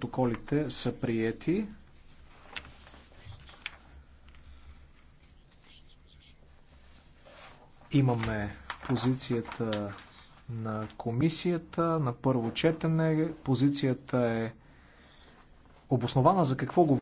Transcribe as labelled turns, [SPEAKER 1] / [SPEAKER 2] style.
[SPEAKER 1] протоколите са приети. Имаме позицията на комисията на първо четене. Позицията е обоснована за какво го